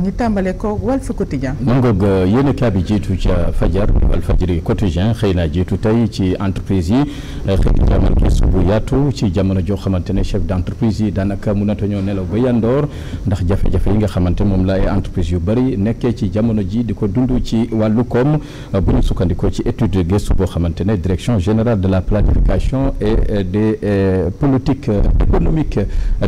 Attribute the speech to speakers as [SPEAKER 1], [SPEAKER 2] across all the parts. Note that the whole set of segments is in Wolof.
[SPEAKER 1] ñu tàmbale ko Walf Quotidien. mangoog
[SPEAKER 2] euh, yéenekaay bi jiitu ca Fajar Walfadjri Quotidien xëy naa jiitu tey ci entreprise yi euh, xëy jamono gis bu yaatu ci jamono joo xamante ne chef d' entreprise yi daanaka mënata ñoo nelaw ba yandoor ndax jafe-jafe yi nga xamante moom la ay entreprise yu bëri nekkee ci jamono ji di ko dund ci wàllu koom euh, bu ñu sukkandikoo ci étude gëstu boo xamante ne direction générale de la planification et des politiques économiques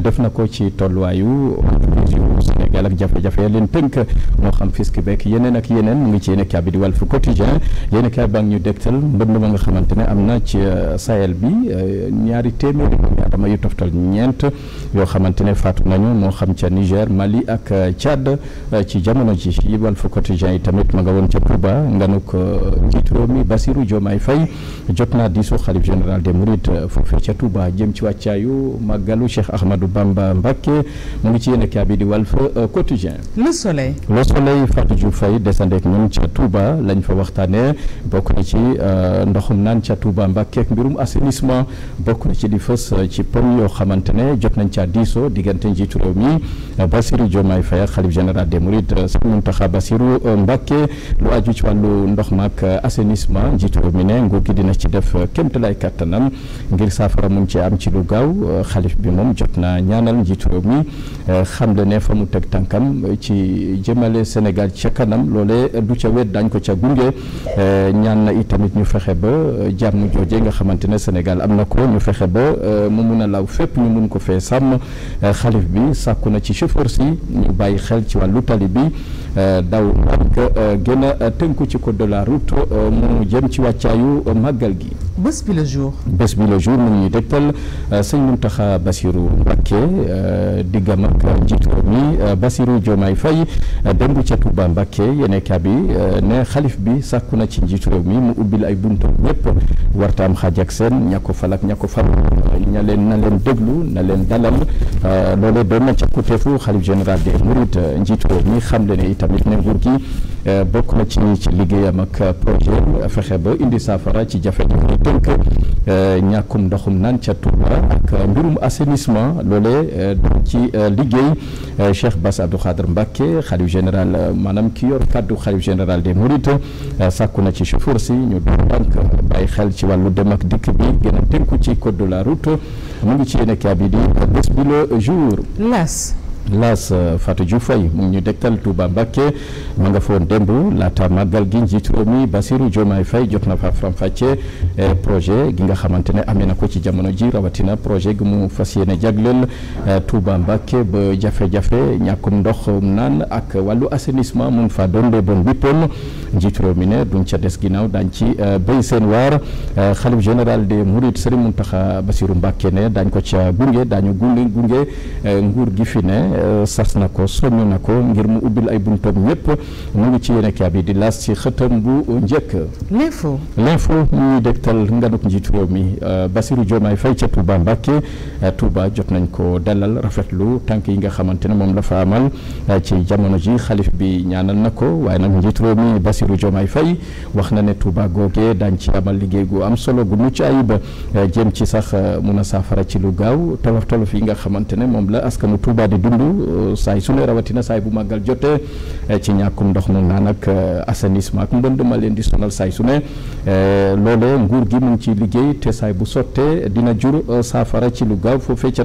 [SPEAKER 2] def na ko ci tolluwaayu entreprise yu Sénégal ak jafe-jafe leen tënk moo xam fisc beek yeneen ak yeneen mu ngi ci yéen bi di Walf Quotidien yéen a baa ngi ñu dégtal mbënd ma nga xamante ne am na ci euh, Sahel bi euh, ñaari téeméeri dama yu toftal ñeent yoo xamante ne faatu nañu moo xam ca Niger Mali ak euh, Tchad ci jamono ji yi Walf Quotidien yi tamit ma nga woon ca Touba nganuk njiitu réew mi Bassirou Diomaye Faye jot naa diisoo xalif général des Mourides foofee ca Touba jëm ci wàccaayu màggalu Cheikh Ahmadou Bamba Mbacké mu ngi ci yéen a bi di Walf Quotidien le soleil le soleil Fatou Diouf Faye desandeek ñun ca Touba lañ fa waxtaanee bokk na ci euh, ndoxum naan ca Touba Mbàkkeek mbirum assainissement bokk na ci di fës euh, ci pomm yoo xamante ne jot nañ caa diisoo diggante njiitu réew mi euh, Bassirou Diomaye Faye xalif général des Mourides Sëñ Mountakha Bassirou Mbàkke lu aju ci wàllu ndox maak assainissement njiitu réew mi ne nguur dina ci def kéemtalaay kàttanam ngir saafara mun ci am ci lu gaaw xalif bi moom jot na ñaanal njiitu réew mi ci jëmale Sénégal ca kanam loole du ca wet daañ ko ca gunge eh, ñaan na itamit ñu fexe ba eh, jàmm jooje nga xamante ne Sénégal am na ko ñu fexe ba eh, mu mun a law fépp ñu mun ko fee sàmm xalif bi sàkku na ci chauffeur si ñu bàyyi xel ci wàllu tali bi daw nag euh, gën a euh, tënku ci code de la euh, mu jëm ci wàccaayu màggal gi.
[SPEAKER 1] bés bi le jour.
[SPEAKER 2] bés bi le jour mu ngi dégtal sëñ Mountakha Bassirou Mbacké diggam ak njiitu mi Bassirou Diomaye Faye démb ca Touba Mbacké yéen bi ne xalif bi sàkku na ci njiitu réew mi mu ubbil ay buntu ñëpp wartaam xaaj ak seen ña ko fal ña ko fal ña leen na na leen dalal loolee doon na ca kuteefu xalif général des Mourides njiitu mi xam le ne itam tamit ne nguur gi euh, bokk na ci ci liggéeyam ak projet fexe ba indi saafara ci jafe-jafe yi tënk euh, ñàkkum ndoxum naan ca Touba ak mbirum assainissement loolee euh, ci liggéey Cheikh Bass Abdou Khadre Mbacké xalif général maanaam ki yor kàddu xalif général de Mourides sàkku na ci chauffeur si ñu doon tànk bàyyi xel ci wàllu dem ak dikk bi gën a tënku ci code de la route mu ngi ci yéene kaa bi di bés bi jour Laas euh, Fatou ju fay mu ñu dégtal Touba Mbacké ma nga foon démb laata màggal gi njiitu réew mi Bassirou Diomaye Faye jot na fa faram-fàccee eh, projet gi nga xamante ne amee na ko ci jamono ji rawatina projet gi mu fas yéene jagleel eh, Touba Mbacké ba jafe-jafe ñàkkum ndox naan ak wàllu assainissement mun fa doon de bon bippoon njiitu réew mi ne duñ ca des ginnaaw daañ ci eh, béy seen waar xalif général des Mourides Serigne Mountakha Bassirou Mbacké ne daañ ko ca gunge daañu gunge gunge nguur gi fi ne ne euh, sas na ko soññ na ko ngir mu ubbil ay buntam ñëpp mu ngi ci yéene kaa bi di laas ci xëtëm bu njëkk. l'info l'info ñuy dégtal nganuk njiitu réew mi euh, Bassirou Diomaye Faye ca Touba Mbacké euh, Touba jot nañ ko dalal rafetlu tànk yi nga xamante ne moom la fa ci jamono ji xalif bi ñaanal na ko waaye nag njiitu réew mi Bassirou Diomaye wax na ne Touba googee daañ ci amal liggéey gu am solo gu mucc ayib jëm ci sax mun a saafara ci lu gaaw tolof tolof yi nga xamante ne moom la askanu Touba di dund loolu euh, saay su ne rawatina saay bu màggal jotee euh, ci ñàkkum ndox moom naa nag euh, assainissement ak mbënd ma leen di sonal saay su ne loolee nguur gi mu ngi liggéey te saay bu sottee dina jur saafara ci lu gaaw foofee ca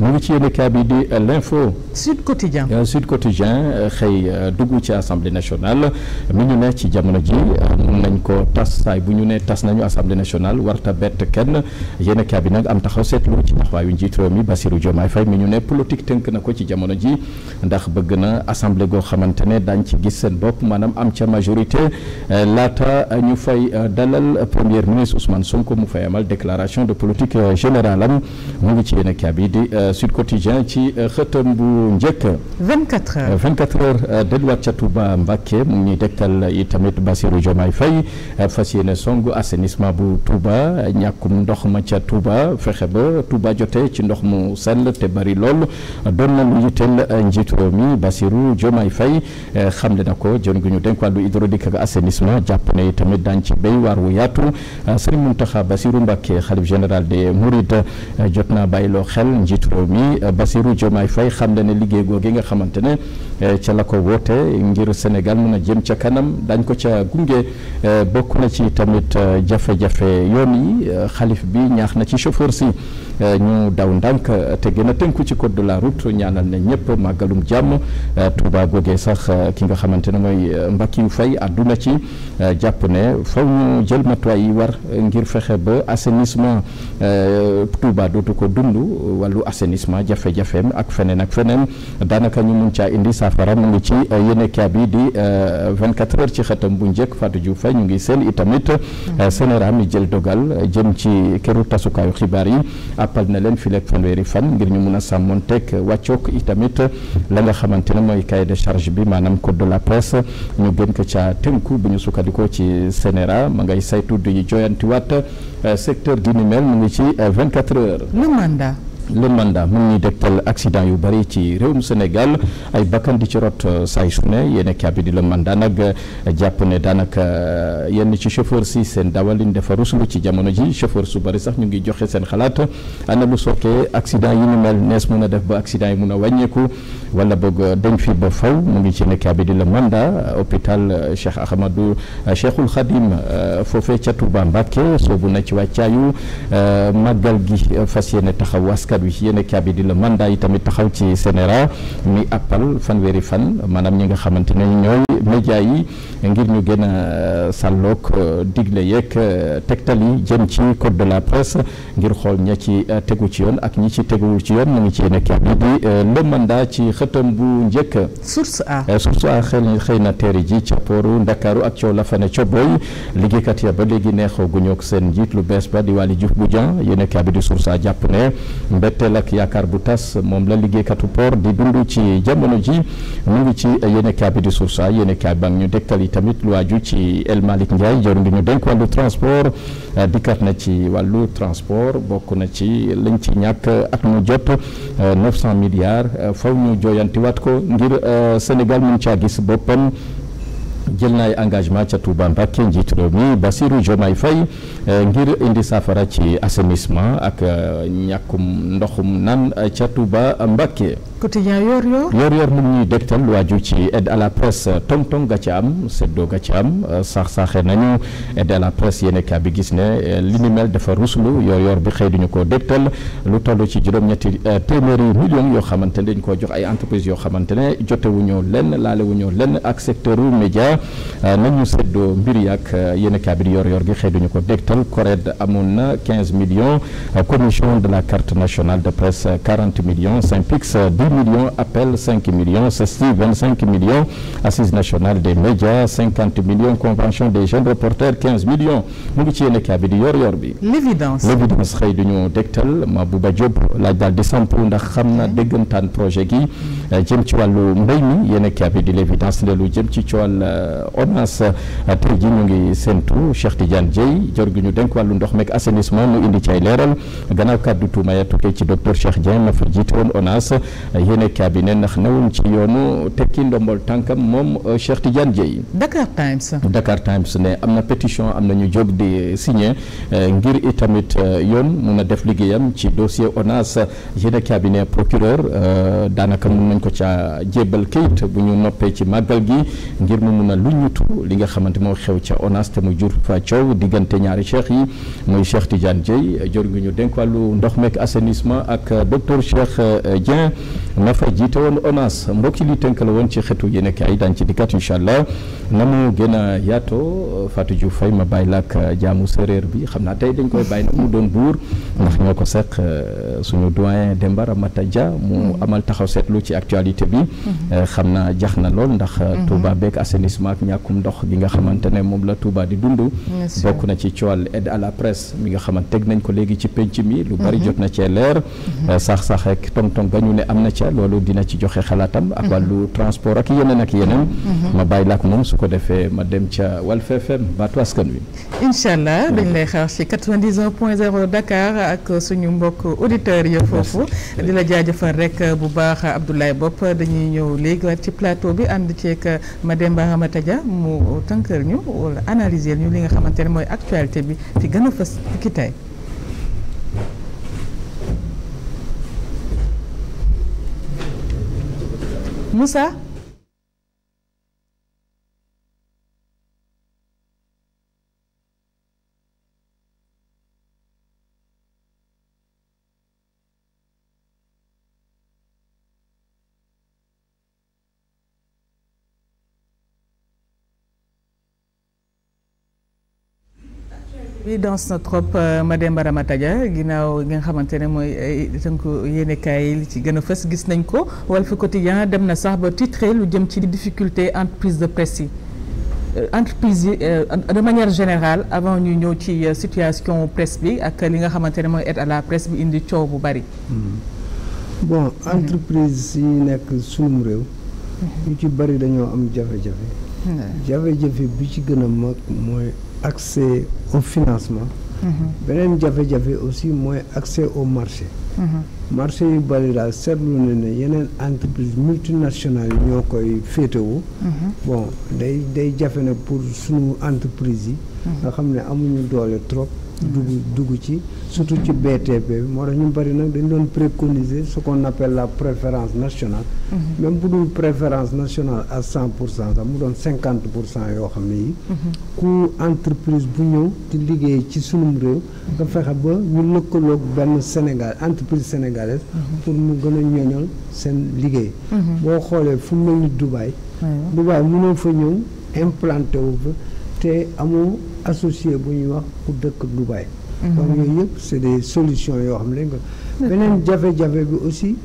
[SPEAKER 2] mu ci yéene kaa bi di l'info Sud Quotidien Sud Quotidien xëy dugg ci assemblée nationale mu ñu ne ci jamono ji nañ ko tas saay bu ñu ne tas nañu assemblée nationale warta bett kenn yéene kaa bi nag am taxaw seetlu ci taxawaayu njiit réew mi Bassirou Diomaye Faye mi ñu ne politique tënk na ko ci jamono ji ndax bëgg na assemblée goo xamante ne daañ ci gis seen bopp maanaam am ca majorité euh, laata ñu fay euh, dalal première ministre Ousmane Sonko mu fay amal déclaration de politique euh, générale am mu ngi ci yéen a kaabi di Sud Quotidien ci xëtam bu njëkk. 24 heures 24 heures delluwaat ca Touba Mbacké mu ngi dektal yi tamit Bassirou Diomaye Faye fas yéene songu assainissement bu Touba ñàkkum ndox ma ca Touba fexe ba Touba jotee ci ndox mu sell te bari lool. doon na lu yitteel euh, njiitu réew mi fay Diomaye Faye euh, xamle na ko jot gi ñu dénk wàllu hydraulique ak assainissement jàpp yi tamit daañu ci béy waar wu yaatu euh, Serigne Mountakha Bassirou Mbacké xalif général des Mourides jot naa bàyyiloo xel njiitu réew mi Bassirou Diomaye Faye xamle ne liggéey googu nga xamante ne ca la ko woote ngir Sénégal mën a jëm ca kanam dañ ko ca gunge bokk na ci tamit jafe-jafe yoon yi xalif bi ñaax na ci chauffeur si. ñu daw ndànk te gën a tënku ci code de la route ñaanal na ñëpp màggalum jàmm Touba googee sax ki nga xamante ne mooy euh, Mbackiou Faye àdduna ci euh, jàpp ne faw ñu jël matuwaay yi war ngir fexe ba assainissement euh, Touba dootu ko dund wàllu assainissement jafe-jafeem ak feneen ak feneen daanaka ñu mun caa indi saafara mu ngi ci yéene kaa bi di 24 heures ci xëtam bu njëkk Fatou Diouf Faye ñu ngi seen itamit sénéra mi jël dogal jëm ci këru tasukaayu xibaar yi appal na leen fii leeg fanweeri fan ngir ñu mun a sàmmoon sàmmonteeg wàccook itamit la nga xamante ne mooy cahier de charge bi maanaam code de la presse ñu gën ko ca tënku bu ñu sukkandikoo ci sénéra ma ngay saytu di joyantiwaat euh, secteur gi ni mel mu ngi ci 24 euh, heures le mandat le mandat mën ñuy dégtal accident yu bëri ci réew réewum senegal ay bakkan di ci rot euh, saay su ne yéen a bi di la mandat nag jàpp ne daanaka euh, yenn ci chauffeur si seen dawalin dafa ruslu ci jamono ji chauffeur su bari sax ñu ngi joxe seen xalaat ana lu sookee accident yi ñu mel nees mun a def ba accident yi mun a wàññeeku wala bëgg euh, dem fi ba faw mu ngi ci nekk bi di le mandat hôpital Cheikh Ahmadou Cheikhul Khadim foofee ca Touba Mbacké soobu na ci wàccaayu màggal askan wi yéen kaabi di la mandat yi tamit taxaw ci CNRA mi appal fanweeri fan maanaam ñi nga xamante ne ñooy média yi ngir ñu gën a euh, sàlloog euh, digle yeeg euh, tegtal yi jëm ci code de la presse ngir xool ña ci tegu ci yoon ak ñi ci teguwul ci yoon mu ngi ci yéen a kaabi di le mandat ci xëtam bu njëkk. source a source a xëy na teeri ji cappooru Ndakaaru ak coow la fa ne cobooy liggéeykat ya ba léegi neexoo guñoog seen njiit lu bees ba di Waly Diouf Bodian yéen a kaabi di source a jàpp mbetteel ak yaakaar bu tas moom la liggéeykatu port di dund ci jamono ji mu ngi ci yéenekaay bi di Source A yéenekaay ba ñu dégtal yi tamit lu ci El Malick Ndiaye jor ngi ñu dénk wàllu transport eh, dikkat na ci wàllu transport bokk na ci lañ ci ñàkk ak mu jot 900 eh, milliards eh, faw ñu jooyantiwaat ko ngir Sénégal mun caa gis boppam jël na ay engagement ca Touba Mbacké njiitu réew mi Bassirou Diomaye Faye eh, ngir indi saafara ci assainissement ak eh, ñàkkum ndoxum nan eh, ca Touba Mbacké quotidien yor yor yor yor mu ñuy dégtal lu waaju ci aide à la presse tong-tong ga ci am seddoo nga ci am saax-saaxee nañu aide à la presse yéene bi gis ne li ni mel dafa ruslu yor yor bi xëy duñu ko dégtal lu toll ci juróom-ñetti téeméeri millions yoo xamante ne dañ ko jox ay entreprise yoo xamante ne jotewuñu lenn laalewuñu lenn ak secteur la euh, nañu séddoo mbir yi ak euh, yéen kaa bi di yor-yor gi xëy duñu ko dégtal CORED amoon na 15 millions euh, commission de la carte nationale de presse 40 millions SYNPICS 10 millions appel 5 millions CESTI 25 millions assise nationale des médias 50 millions convention des jeunes reporters 15 millions mu ngi ci yéen kaa bi di yor-yor bi.
[SPEAKER 1] l'évidence l'évidence
[SPEAKER 2] xëy duñu dégtal Mabouba Diop laaj daal di samp ndax xam na déggantaan projet gi mm. jëm ci wàllu mbéy mi yéen kaa bi di l'évidence ne jëm ci coowal. Euh, ONAS euh, tey ji ñu ngi séntu Cheikh Tidiane Dieye jor gi ñu dénk wàllu ndox meeg assainissement mu indi ci ay leeral gannaaw kàddu tuuma ya tukkee ci docteur Cheikh Dieng ma fa jiite woon ONAS euh, ndax newuñ ci yoonu tekki ndombol tànkam moom Cheikh Tidiane Dieye. Dakar Times. Dakar Times ne am na pétition am na ñu jóg di signé ngir itamit yoon mun a def liggéeyam ci dossier ONAS yéene cabinet procureur daanaka mun nañ ko ca jébbal kayit bu ñu noppee ci màggal gi ngir lu ñutu li nga xamante moo xew ca ONAS te mu jur fa coow diggante ñaari cheikh yi muy Cheikh Tidiane Dieye jor ngi ñu dénk wàllu ndox meek assainissement ak docteur Cheikh euh, Dieng na fa jiite woon ONAS mbokki li tënk la woon ci xeetu xetu yéen kaay daan ci dikkat incha allah na mu gën a yaatoo Fatou Diouf Faye ma bàyyi la ak euh, jaamu séréer bi xam naa tey dañ koy bàyyi nag mu doon buur ndax ñoo ko seq euh, suñu doyen Demba mata Dia mu mm-hmm. amal taxaw seetlu ci actualité bi
[SPEAKER 3] mm-hmm.
[SPEAKER 2] xam actuellement ak ñàkkum ndox gi nga xamante ne moom la Touba di dund bokk na ci coowal aide à la presse mi nga xamante teg nañ ko léegi ci penc mi lu bari mhm. jot na cee leer mhm. euh, sax sax ak tong tong ga ñu ne am na ca loolu dina ci joxe xalaatam ak mhm. wàllu transport ak yeneen ak yeneen ma bàyyi la ak moom su ko defee ma dem ca Walf FM baatu askan wi
[SPEAKER 1] incha allah dañ lay xaar ci 91 mbokk auditeurs yi foofu di la rek bu baax Abdoulaye Bopp dañuy ñëw léegi waat ci plateau bi ànd ceeg Mademba Hamata ja mu tënkal ñu wala analyser ñu li nga xamante ne mooy actualité bi fi gën a fës ki tey. Moussa. oui dans notre trop euh, Mademba Ramata Dia ginnaaw gi nga xamante ne mooy euh, tënk yéenekaay yi li ci gën a fës gis nañ ko Walf Quotidien dem na sax ba titré lu jëm ci difficulté entreprise de presse yi euh, entreprise yi de manière générale avant ñu ñëw ci situation presse bi ak li nga xamante ne mooy aide à la presse bi indi coow bu bari.
[SPEAKER 4] Hmm. bon hmm. entreprise yi nekk sunum réew. yu hmm. ci bari dañoo am jafe-jafe. jafe-jafe bi ci gën a mag mooy. accès au financement mhm. beneen jafe-jafe aussi mooy accès au marché mhm. marché yu bari daal seetlu na ne yeneen entreprise multinationale yi ñoo koy féetewoo mhm. bon day day jafe na pour suñu entreprise yi nga xam ne amuñu doole trop dugg dugg ci surtout ci BTP bi moo tax ñu bari nag dañ doon préconiser ce qu'on appelle la préférence nationale mm-hmm. même bu dul préférence nationale à cent pour cent sax mu doon cinquante pour cent yoo xam ne yi mm-hmm. ku entreprise bu ñëw di liggéey ci sunum réew nga fexe ba ñu lëkkaloog benn Sénégal entreprise sénégalaise mm-hmm. pour mu gën a ñoñol seen liggéey boo xoolee fu mel ni Dubaï Dubaï mënoo fa ñëw implanté fa te amoo associé bu ñuy wax ku dëkk Dubaï. donc yooyu yëpp c'est des solutions yoo xam ne nga beneen jafe-jafe bi aussi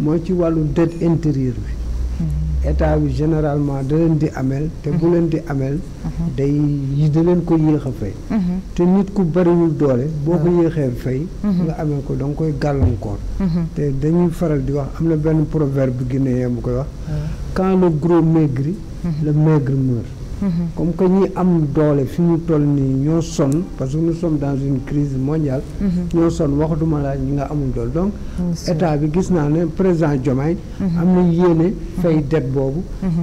[SPEAKER 4] mooy ci wàllu dette intérieure bi mhm. état bi généralement da di amel te bu mhm. di amel mhm. day yi da leen ko yéex a fay te nit ku bariwul doole boo ko yéexee fay nga amee ko da koy gàllankoor te dañuy faral di wax am na benn proverbe guinéen bu koy wax quand gros maigrit le maigre meurt comme que ñi am doole fi ñu toll nii ñoo sonn parce que nous sommes dans une crise mondiale. Mhm. ñoo sonn waxatuma laa ñi nga amul doole donc. état bi gis naa ne président Diomaye. Mhm. am na yéene mhm. fay dette boobu.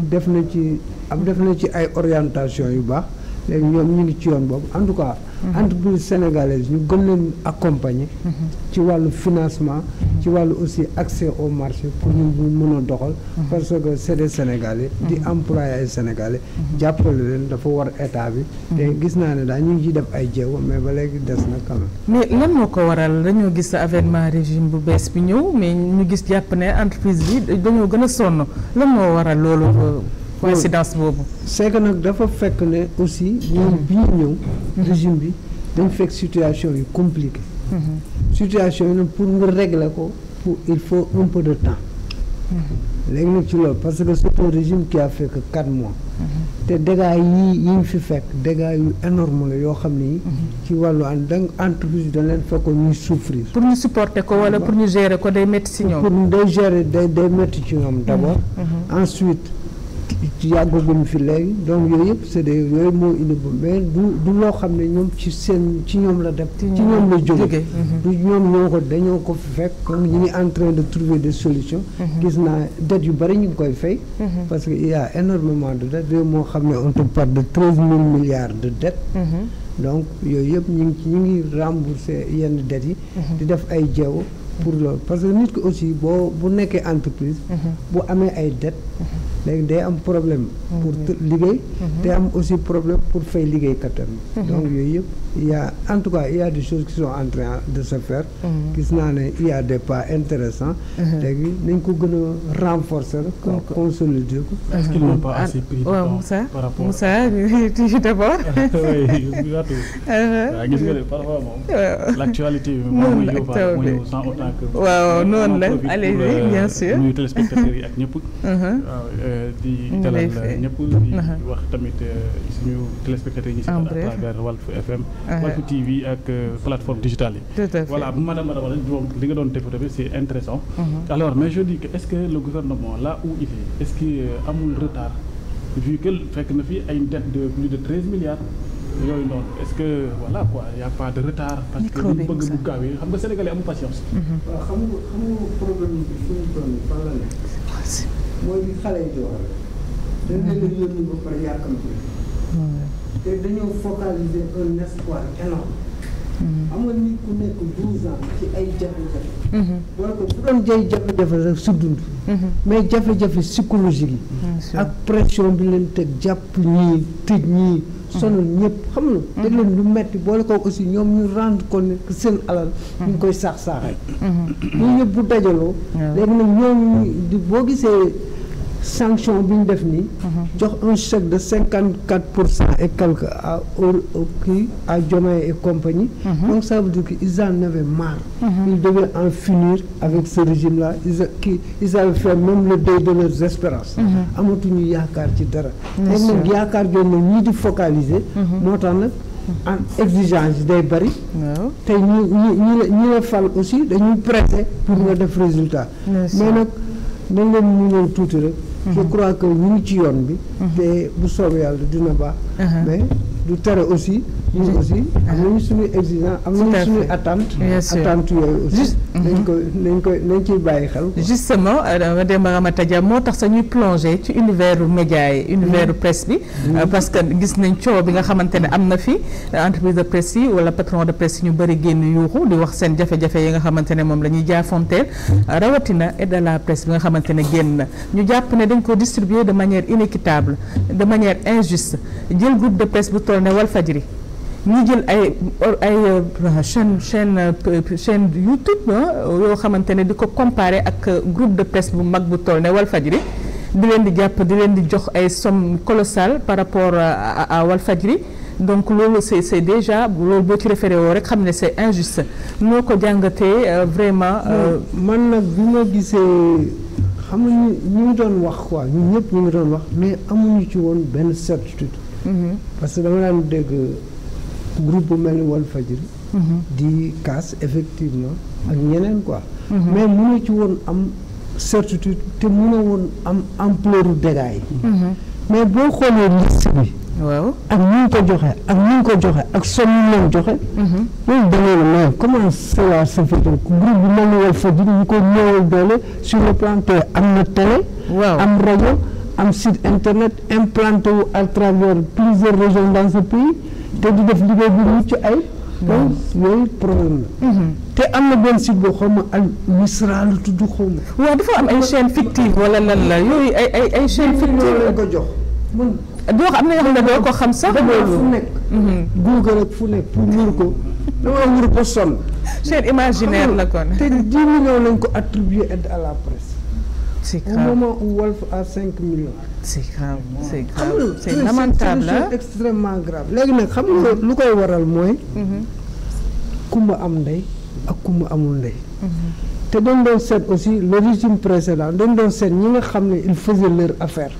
[SPEAKER 4] def na ci am def na ci ay orientation yu baax léegi ñoom ñu ngi ci yoon boobu en tout cas. Mm-hmm. entreprise sénégalaise ñu gën leen accompagner. Mm-hmm. ci wàllu financement. ci wàllu aussi accès au marché pour ñu mën a doxal. Mm-hmm. parce que c'est des sénégalais. di employé ay sénégalais. jàppale leen dafa war état bi. te gis naa ne daal ñu ngi ciy def ay jéego mais ba léegi des na quand même.
[SPEAKER 1] mais lan moo ko waral dañoo gis avènement régime bu bees bi ñëw mais ñu gis jàpp ne entreprise bi dañoo gën a sonn lan moo waral loolu. coïncidence boobu.
[SPEAKER 4] c'est nag dafa fekk ne aussi ñoom mhm. bi ñëw. régime bi dañ fekk situation yu compliquée. Mhm. situation yi nag pour nga régler ko pour il faut un peu de temps.
[SPEAKER 3] Mhm.
[SPEAKER 4] léegi nag ci loolu parce que c'est un régime qui a fait que quatre mois. te dégâts yi yi ñu fi fekk dégâts yu énorme la yoo xam ni. ci wàllu en da entreprise dañ leen fekkoon ñuy souffrir. pour
[SPEAKER 1] ñu supporter ko wala pour ñu gérer ko day métti ci ñoom.
[SPEAKER 4] pour ensuite. ci yàggagum fi léegi donc yooyu yëpp c'est des yooyu moo indi bu mais du du loo xam ne ñoom ci seen ci ñoom la def ci ñoom la jóge mhm. du ñoom ñoo ko dañoo ko fekk comme ñu ngi de trouver des solutions mhm. gis naa dettes yu bëri ñu ngi koy fay mhm. parce que il y a de dettes yooyu moo xam ne on te parle de donc yooyu yëpp ñu ngi ngi rembourser yenn dettes yi di def ay jeew pour loolu parce que nit ki aussi boo bu nekkee entreprise bu amee ay dettes léegi day am problème pour mm-hmm. liggéey mm-hmm. day am aussi problème pour fay liggéeykatam mm-hmm. donc yooyu yëpp il a en tout cas il y a des choses qui sont en train de se faire gis naa ne il y a des pas intéressants léegi nañ ko gën a renforcer ko consolider ko
[SPEAKER 1] waaw Moussa Moussa tu de parfois
[SPEAKER 5] waaw noonu la allez euh, bien sûr di dalal ñëpp di wax tamit euh, suñu téléspectateurs yi ñu si à travers Walf FM Walf TV ak euh, plateforme digitale yi voilà madame madame wala nga doon def c'est intéressant mhm. alors mais je dis est-ce que le gouvernement là où il est ce que euh, amul retard fekk na fi ay dette de milliards yooyu noonu est-ce que voilà quoi y a pas de retard. parce que ñu bëgg bu gaawee xam nga sénégalais amul patience. Mhm.
[SPEAKER 4] waaw problème bi fu ñu toll la nekk. mooy li xale di wax te dañoo focaliser un espoir énorme mm-hmm. am nga nit ku nekk douze ans ci ay jafe-jafe mm-hmm. wala ko bu doon jay jafe-jafe su dund mm-hmm. mais jafe-jafe psychologique yi ak pression bi leen teg jàpp ñii tëj ñii sonal ñëpp xam nga. te mm-hmm. leen lu metti boole ko aussi ñoom ñu rendre compte seen alal. ñu ngi koy saax saaxee. Mm-hmm. ñun ñëpp bu dajaloo. Mm-hmm. léegi nag ñooñu boo gisee. sanction bi ñu def nii. jox un chèque de cinquante quatre pour cent et quelque a au kii à compagnie. Mhm. donc ça veut dire que ils en avaient marre. Mhm. ils devaient en finir avec ce régime là ils a kii ils avaient fait même le deuil de leurs espérances. Mhm. amatuñu yaakaar ci dara. bien sûr nag yaakaar jooju nag ñii di focaliser. moo tax nag. en exigence yi day bëri. te ñu ñu ñu ñu la fal aussi dañuy pressé pour nga def résultat. mais nag dañ leen ñu tuuti rek. je crois que ñu ci yoon bi. Mhm. te bu soobee yàlla dina baax. Uh-huh. mais du tere aussi. ñun mm-hmm. aussi am nañu suñuy exigence am nañu suñuy attente. bien sûr attente yooyu aussi. nañ mm-hmm. ko nañ ko nañ ciy bàyyi xel.
[SPEAKER 1] justement Mademba euh, Ramata moo tax sañuy plongé ci univers média yi univers mm-hmm. presse bi. Euh, parce que gis nañ coow bi nga xamante ne am na fi euh, entreprise de presse yi wala patron de presse yi ñu bëri génn yuuxu di wax seen jafe-jafe yi nga xamante ne moom la ñuy jaafonteel rawatina et de la presse bi nga xamante ne génn na ñu jàpp ne dañ ko distribuer de manière inéquitable toll ne Walfadjri ñu jël ay chain euh, chaîne chaîne euh, chaîne YouTube ah, yoo xamante ne di ko comparer ak groupe de presse bu mag bu toll ne Walfadjri di leen di jàpp di leen di jox ay some colossale par rapport à Walfadjri donc loolu c'est c'est déjà loolu boo ci référé woo rek xam ne c'est injuste noo ko jàngatee euh, vraiment. man nag bi ma gisee
[SPEAKER 4] xam nga ñu ngi doon wax quoi ñun ñëpp ñu ngi doon wax mais amuñu ci woon benn certitude. parce que dama daan dégg groupe bu mel ni mhm. di kaas effectivement ak mhm. ñeneen quoi mhm. mais mënu ci woon am certitude te mënu woon am ampleur u mais boo xoolee liste bi waaw ak ñu ko joxe ak ñu ko joxe ak somme joxe loolu dangay ne mais comment cela se fait groupe bu mel ni Walfadjri ko ñëwal doole sur le plan am na télé am am site internet implanté wu à travers plusieurs régions dans ce pays te di def liggéey bu mucc ay donc yooyu problème la mhm. te am na benn site boo xaw ma al misra la tudd xaw ma
[SPEAKER 1] waaw dafa am ay chaîne fictive wala lan la yooyu ay ay ay fictive lañ ko jox doo xam am na yoo xam doo ko xam sax fu nekk mhm. google rek fu nekk pour wër ko dama wër ko sonn chaîne imaginaire la kon te dix millions
[SPEAKER 4] lañ ko attribué aide à la presse c'est grave au moment où xam nga lu koy waral mooy. Mhm. kumba am ndey ak kumba amul ndey. Mhm. te dañ doon seet aussi le régime seet ñi nga xam ne ils faisaient leur affaire.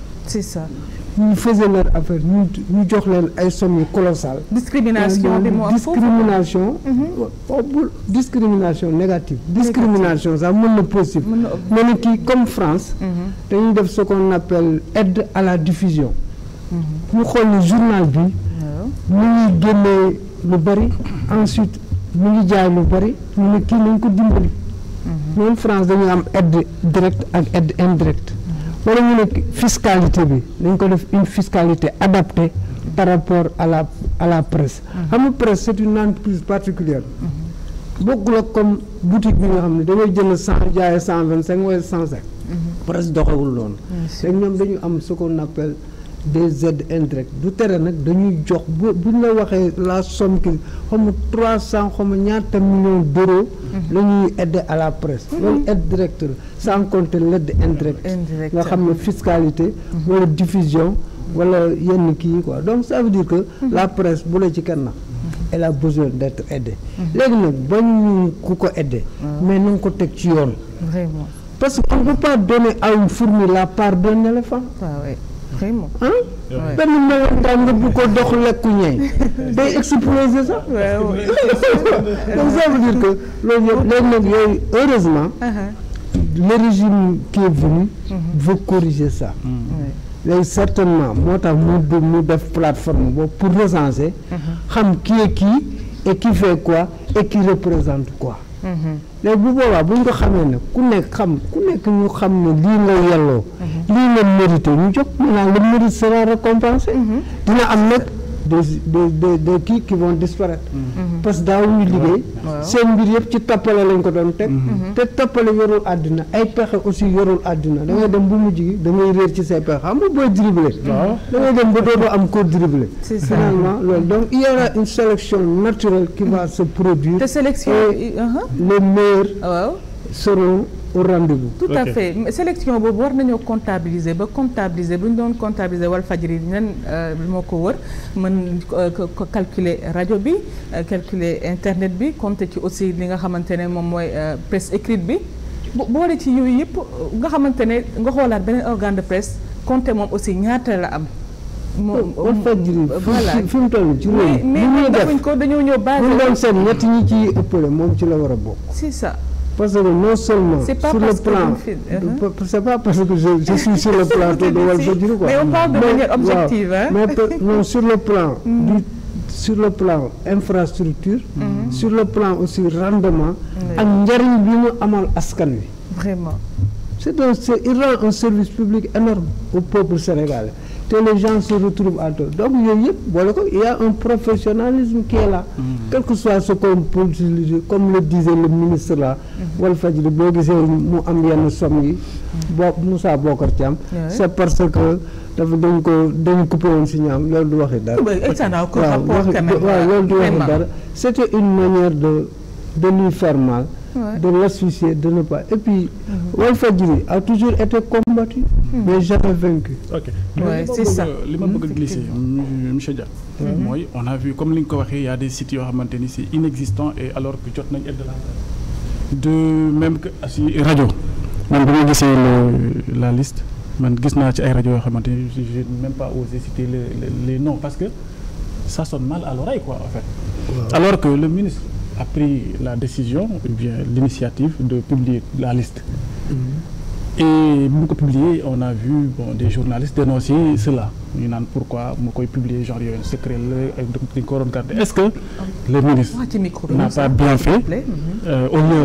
[SPEAKER 4] ñu faisait leur affaire ñu ñu jox leen ay somme yu colossal discrimination bi moo am foofu discrimination. Mhm. discrimination négative. discrimination sax mën na possible. mën na kii comme France. Mhm. dañuy def ce qu'on appelle aide à la diffusion.
[SPEAKER 3] Mhm. ñu xool ni journal
[SPEAKER 4] bi. mu ngi génnee lu bari ensuite mu ngi jaay lu bari ñu ne kii nañ ko dimbali. même France dañuy am aide direct ak aide indirecte. wala ñu ne fiscalité bi dañ ko def une fiscalité adaptée par rapport à la à la presse mm-hmm. xam nga presse c'est une entreprise particulière bokkul ak comme boutique bi nga xam ne dangay jënd cent jaayee cent vingt cinq wala cent cinq
[SPEAKER 3] mm-hmm.
[SPEAKER 4] presse doxewul loolu te ñoom dañu am ce qu'on appelle de aides indirectes du tere nag dañuy jox bu buñ la waxee la somme ki xamu trois cent xamu ñaata millions d'euros mhm. la ñuy à la presse mhm. loolu aide directe la sans compter nga xam ne fiscalité mhm. wala diffusion wala yenn kii quoi donc ça veut dire que la presse bu la ci kenn na elle a besoin léegi nag bañ ku ko aider mais na ko teg ci yoon vraiment parce qu'on ne peut pas la part d'un éléphant vraiment
[SPEAKER 3] benn
[SPEAKER 4] melentaan nga bu ko dox lekku ñeey day exploser sax. waaw donc ça veut dire que heureusement. Uh-huh. le régime qui venu. Uh-huh. veut corriger ça. Mm-hmm. léegi certainement moo tax mu def plateforme boobu pour recenser. Uh-huh. xam qui est qui fait quoi et représente quoi. léegi bu boobaa bu ñu ko xamee nag ku nekk xam ku nekk ñu xam ne lii nga yelloo. Mhm. lii nga mérité ñu jox maanaam le mérite sera récompensé. Mhm. dina am nag des des des kii qui vont disparaître.
[SPEAKER 3] Mm-hmm. Mm-hmm. parce
[SPEAKER 4] que daawuñu liggéey. seen mbir yëpp ci tappale lañ ko doon teg. Mm-hmm. te tappale yorul àddina ay pexe aussi yorul àdduna da dem bu mujj gi da réer ci say pexe xam nga booy dribblé. da ngay dem ba dootoo am ko dribblé. finalement loolu donc il y aura une sélection naturelle qui va se produire. te sélection et uh-huh. au rendez tout okay. à fait
[SPEAKER 1] sélection boobu war nañoo comptabiliser ba comptabiliser bu ñu doon comptabiliser wal fajri ñan euh, moo ko wër mën ko euh, calculer rajo bi euh, calculer internet bi compter ci aussi li nga xamante ne moom mooy presse écrite bi bu boole ci yooyu yëpp nga xamante ne nga xoolaat beneen organ de presse compter moom aussi ñaata la am. moom oh, voilà fi mu
[SPEAKER 4] toll ci réew mi. mais mais defuñ
[SPEAKER 1] ko dañoo ñëw basé. bu ñu doon seen ñett
[SPEAKER 4] ñi ci ëppale moom ci la war a bokk. c'est ça. parce que non seulement sur le plan parce que je, je suis sur le plateau de Walfadjri quoi mais on parle de objective mais sur le plan mm. du sur le plan infrastructure mm-hmm. sur le plan aussi rendement ak njariñ bi mu amal askan wi vraiment c'est un iran rend un service public énorme au peuple sénégalais te les gens se retrouvent à dos donc yooyu yëpp boole ko il a un professionnalisme qui est là. Mm-hmm. soit comme le disait le ministre là. Mm-hmm. Walfadjri boo gisee mu am yenn somme yi. Mm-hmm. boo Moussa Bokar Thiam. c'est parce que dafa dañ ko dañ coupé woon si ñaam loolu du waxi dara. waaw loolu du waxi dara c'était une manière de de lui faire ouais. de l'asphyxier, de ne pas. Et puis, mhm. Walfadjiri a toujours été combattu, mhm. mais jamais vaincu.
[SPEAKER 5] Ok. Ouais, c'est ça. li ma bëgg a glisser monsieur Dia. Mhm. mooy on a vu comme li nga ko waxee y a des sites yoo xamante ni c'est inexistant et alors que jot nañ aide de la de même que ah, si rajo. man bu ma gisee la liste man gis naa ci ay rajo yoo xamante ni je n'ai même pas osé citer les les parce que ça sonne mal à l'oreille quoi en fait. alors que le ministre. a pris la décision ou bien l'initiative de publier la liste. Mm -hmm. et bu ñu ko publier on a vu bon des journalistes dénoncer cela ñu naan pourquoi mu koy publier genre yooyu secret la ak est-ce que
[SPEAKER 1] le ministre n'a pas bien fait mm-hmm.
[SPEAKER 5] euh, au lieu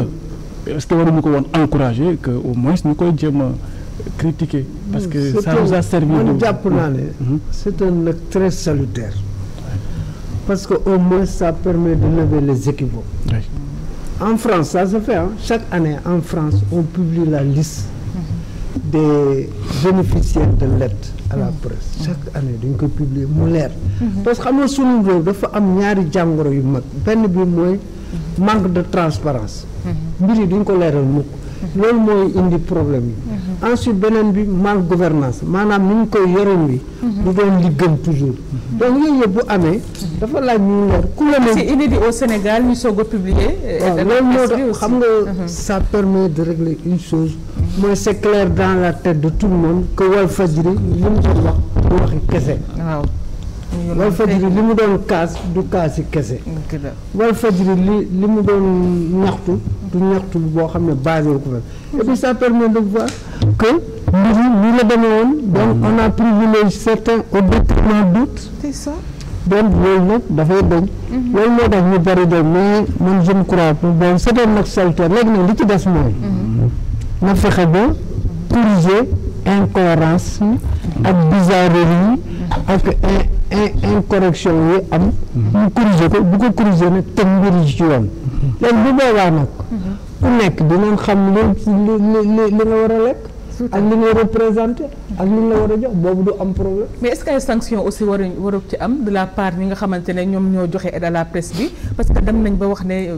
[SPEAKER 5] est-ce que waruñu ko woon encourager que au moins ñu koy jéem a critiquer parce mm-hmm. que ça nous a servi de jàpp naa ne
[SPEAKER 4] mm-hmm. c'est un acte très salutaire parce que au moins ça permet de lever les équivoques. Oui. En France, ça se fait. Hein. Chaque année, en France, on publie la liste des bénéficiaires de l'aide à la mm-hmm. presse chaque année dañ ko publier mu leer mm-hmm. parce que xam nga sunu réew dafa am ñaari jàngoro yu mag benn bi mooy mm-hmm. manque de transparence mbir yi duñ ko leeral mukk loolu mooy indi problème yi mhm. ensuite beneen bi mal gouvernance maanaam ni ñu koy yorin wi du doon li toujours mhm. donc yooyu yëpp bu amee mhm. dafa laaj ñu leer ku la ne c'est
[SPEAKER 1] inédit au Sénégal ñu soog a publier loolu
[SPEAKER 4] moo tax xam nga ça permet de régler une chose mooy seclaire clair dans la tête de tout le monde que Walfadjri li mu doon wax du waxi kese wal fajiri li mu doon kaas du kaasi kese wal fajiri li li mu doon ñaxtu du ñaxtu boo xam ne basé wu ko fa et puis ça permet de voir que mbir yi ñu la demee woon donc a privilégié certains au détriment d'autres loolu nag dafay dañ mhm. loolu moo tax ñu bari de mais man je me crois pour boobu c'est un nag saltaire léegi nag li ci des mooy mhm. na fexe ba corriger incohérence ak bizarrerie ak incorrection yi am ñu corriger ko bu ko corriger nag teg mbir yi ci yoon léegi bu boobaa nag ku nekk dinañ xam li li li nga war a lekk ak li nga représenté ak li nga la war a jox boobu du am problème.
[SPEAKER 1] mais est-ce que aussi war warut ci am de la part ñi nga xamante ne ñoom ñoo joxe aide à bi parce que dem nañ ba wax ne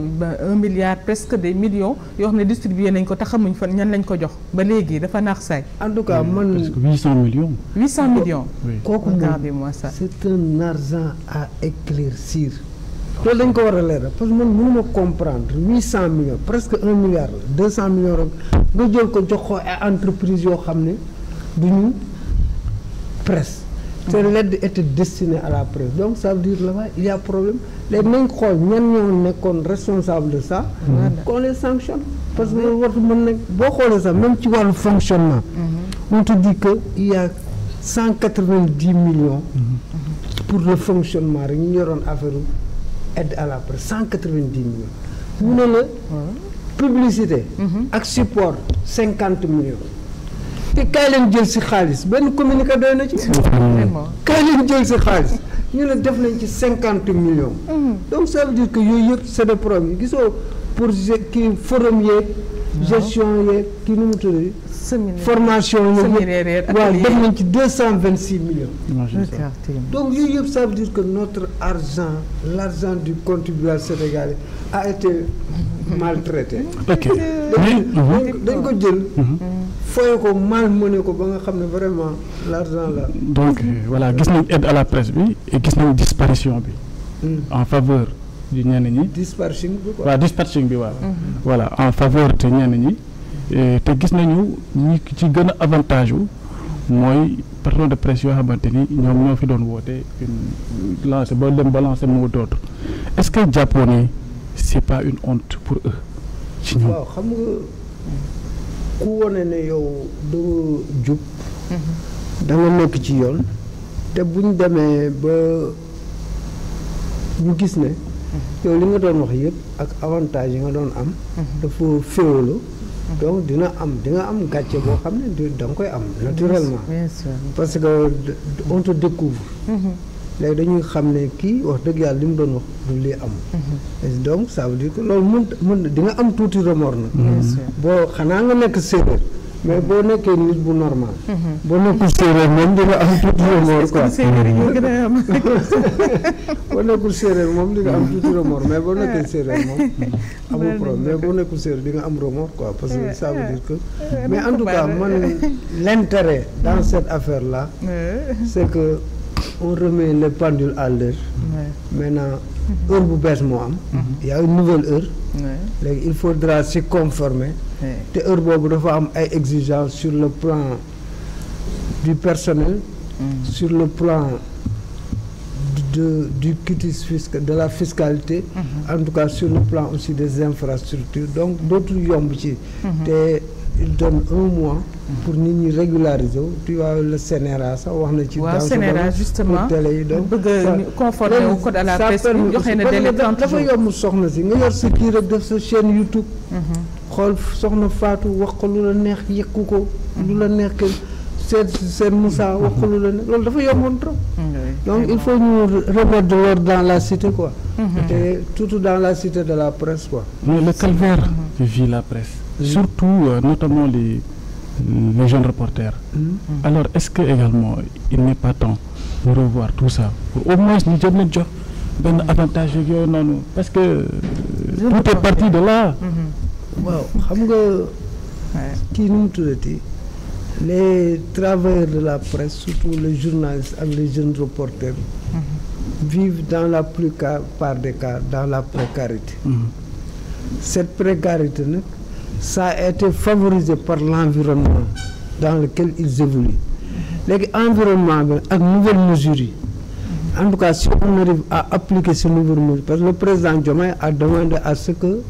[SPEAKER 1] un milliard presque des millions yoo xam ne distribué nañ ko te xamuñ fan ñan lañ ko jox ba léegi dafa naax saay. en tout cas man parce que
[SPEAKER 5] 800 millions.
[SPEAKER 1] 800 millions. kooku moom c'est un argent à éclaircir. loolu dañ
[SPEAKER 4] ko war a leeral parce que man mënu ma comprendre huit cent millions presque un milliard la deux cent millions rek nga jël ko jox ko ay entreprise yoo xam ne du ñu presse te mm. l'aide était destinée à la presse donc ça veut dire là-bas il y a problème léegi nañ xool ñan ñoo nekkoon responsable de ça qu'on les parce que loolu mën nag boo xoolee sax même ci wàllu fonctionnement mm-hmm. on te dit que il y a cent quatre-vingt-dix millions mm-hmm. pour le fonctionnement rek ñu yoroon affaire aide à la presse cent quatre-vingt-dix millions mu ne la publicité mhm. ak support cinquante millions te kaay leen jël si xaalis benn communiqué doy na ci kaay leen jël si xaalis ñu ne def nañ ci cinquante millions mhm. donc ça veut dire que yooyu yëpp c'est des problèmes gisoo pour kii forum yeeg gestion yeeg kii nu mu tudd. formation yeeg nañ ci deux cent vingt six millions. donc yooyu yëpp ça veut dire que notre argent l' argent du contribuable sénégalais a été maltraité.
[SPEAKER 5] ok uh-huh.
[SPEAKER 4] dañ ko jël. Uh-huh. fooy ko malmené ko ba nga xam ne vraiment l' argent la. donc
[SPEAKER 5] voilà gis nañ aide à la presse bi et gis nañ disparition bi. Mm. en faveur. di ñenn ñi. dispatching bi quoi waaw dispatching bi waaw. voilà en faveur te ñenn ñi te gis nañu ñi ci gën a avantage wu mooy patron de presse yoo xamante ni ñoom ñoo fi doon woote lancé ba dem ba lancé mot d'ordre est-ce que jàppoo ne c'est pas une honte pour eux. ci ñoom
[SPEAKER 4] waaw xam nga ku wone ne yow doo jub. da nga nekk ci yoon. te bu demee ba ñu gis ne. Mm-hmm. yow li nga doon wax yëpp ak avantage yi nga doon am mm-hmm. dafa féewalu mm-hmm. donc dina am di nga am gàcce boo xam ne da nga koy am naturellement bien sûr parce que on te découvre léegi dañuy xam ne kii wax dëgg yàlla li mu doon wax du lii am donc ça veut dire que loolu mën mën di nga am tuuti remords nag boo xanaa nga nekk séeréer mais boo nekkee nit bu normal. Mhm. boo nekkul séeréer moom di nga am tuuti remor quoi. boo nekkul séeréer moom di nga am tuuti remor mais boo nekkee séeréer moom amul problème mais boo nekkul séeréer di nga am remor quoi parce que ça veut que. mais en tout cas man l'intérêt dans cette affaire là. c'est que on remet les pendules à l'heure. maintenant Mm-hmm. heure bu bees moo am. Mm-hmm. y a une nouvelle heure. léegi il faudra s'y conformer. te heure boobu dafa am ay exigences sur le plan du personnel. Mm. sur le plan de du quitus fiscal de la fiscalité. Mm-hmm. en tout cas sur le plan aussi des infrastructures donc dootul yomb ci. te il donne un mois. pour nit ñi régulariser wu tu vois le CNRA sax wax na ci. waaw CNRA justement télé yi donc bëgg a conforté wu code à la presse bi joxe na dafa yomb soxna si nga yor sa kii rek def sa chaîne YouTube. Mhm. xool soxna Fatou wax ko lu la neex yëkku ko. lu la neex seen seen Moussa waxulu la ne loolu dafa yomboon trop. Mm-hmm. donc il de l'ordre dans la cité quoi. Mm-hmm. te dans la cité de la presse quoi.
[SPEAKER 5] le calvaire que mm-hmm. la presse. surtout euh, notamment les les jeunes alors est-ce que également il n'est pas temps de revoir tout ça au moins ñu jëm leen jox benn avantage yooyu noonu parce que. tout est parti de là.
[SPEAKER 4] waaw xam nga. kii nu mu tuddati. les travailleurs de la presse surtout les journalistes ak les jeunes reporters mmh. vivent dans la plupart des cas dans la précarité mmh. cette précarité nag ça a été favorisé par l'environnement dans lequel ils évoluent léegi environnement bi ak nouvelles mesures yi en tout cas si on arrive à appliquer ces nouvelles mesures parce que le président Diomaye a demandé à ce que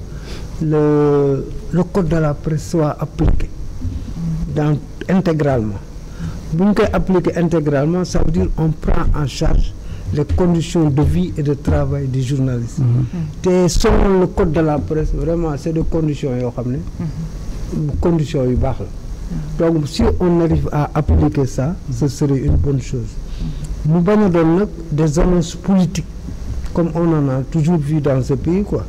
[SPEAKER 4] le le code de la presse soit appliqué intégralement bu ñu koy appliquer intégralement ça veut dire on prend en charge les conditions de vie et de travail des journalistes mm-hmm. te selon le code de la presse vraiment c'est des conditions yoo xam ne mm-hmm. conditions yu baax la mm-hmm. donc si on arrive à appliquer ça ce serait une bonne chose mu bañ a doon nag des annonces politiques comme on en a toujours vu dans ce pays quoi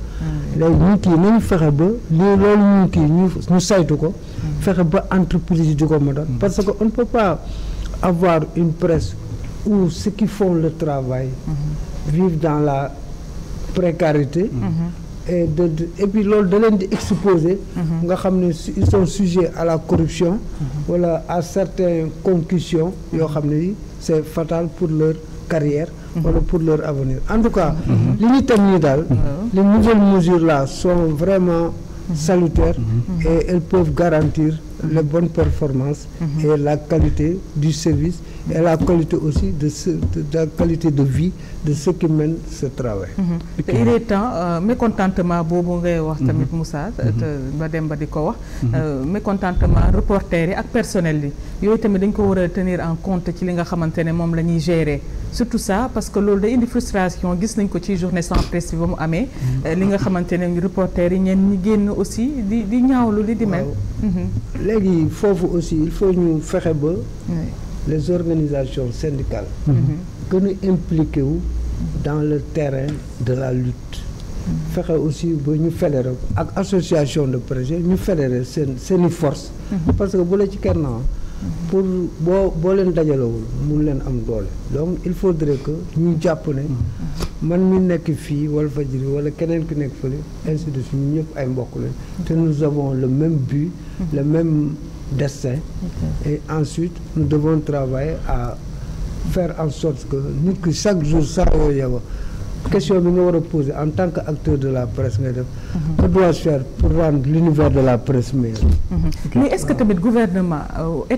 [SPEAKER 4] léegi ñu kii nañu fexe ba lii loolu ñu kii ñu saytu ko fexe ba entreprise yi di ko ma doon mm-hmm. parce que on ne peut pas avoir une presse ou ceux qui font le travail mm-hmm. vivent dans la précarité
[SPEAKER 3] mm-hmm.
[SPEAKER 4] et de, de et puis loolu da leen di exposé nga xam ne ils sont sujets à la corruption wala à certaines concussions yoo xam ne yi c'est fatal pour leur carrière wala pour leur avenir en tout cas li ñu tam ñi daal les nouvelles mesures là sont vraiment salutaires mhm. et elles peuvent garantir mhm. les bonnes performances mhm. et la qualité du service et la qualité aussi de, ce, de la qualité de vie de ceux qui mènent travail.
[SPEAKER 1] Mhm. te il est temps euh, mécontentement boobu ngay wax mhm. tamit Moussa. Mhm. Euh, te ba dem ba di ko wax. Euh, mécontentement reporter yi ak personnel yi yooyu tamit dañ ko war a tenir en compte ci li nga xamante ne moom la ñuy gérer surtout ça parce que loolu day indi frustration gis nañ ko ci journée san presse bi ba mu amee. li nga xamante ne reporter yi ngeen ñi génn aussi di di ñaawlu li di mel.
[SPEAKER 4] léegi foofu aussi il faut ñu fexe ba. les organisations syndicales mhm. gën a impliqué wu dans le terrain de la lutte fexe aussi ba ñu fédéré ak association de projet ñu fédéré seen seeni force mhm. parce que bu la ci kenn pour boo boo leen dajalewul mu leen am doole donc il faut faudrait que ñu jàpp ne mhm. man mi nekk fii wala fajiri wala keneen ki nekk fële ainsi ñu ñëpp ay mbokk leen te nous avons le même but le même destin. Et ensuite, nous devons travailler à faire en sorte que nit ki chaque jour saa yoo yeewoo question bi nga war a poser en tant que acteur de la presse ngay def. Mhm. que dois-je faire pour rendre l'univers de la presse mhm.
[SPEAKER 1] mais est-ce tamit gouvernement euh,